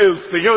il-Signor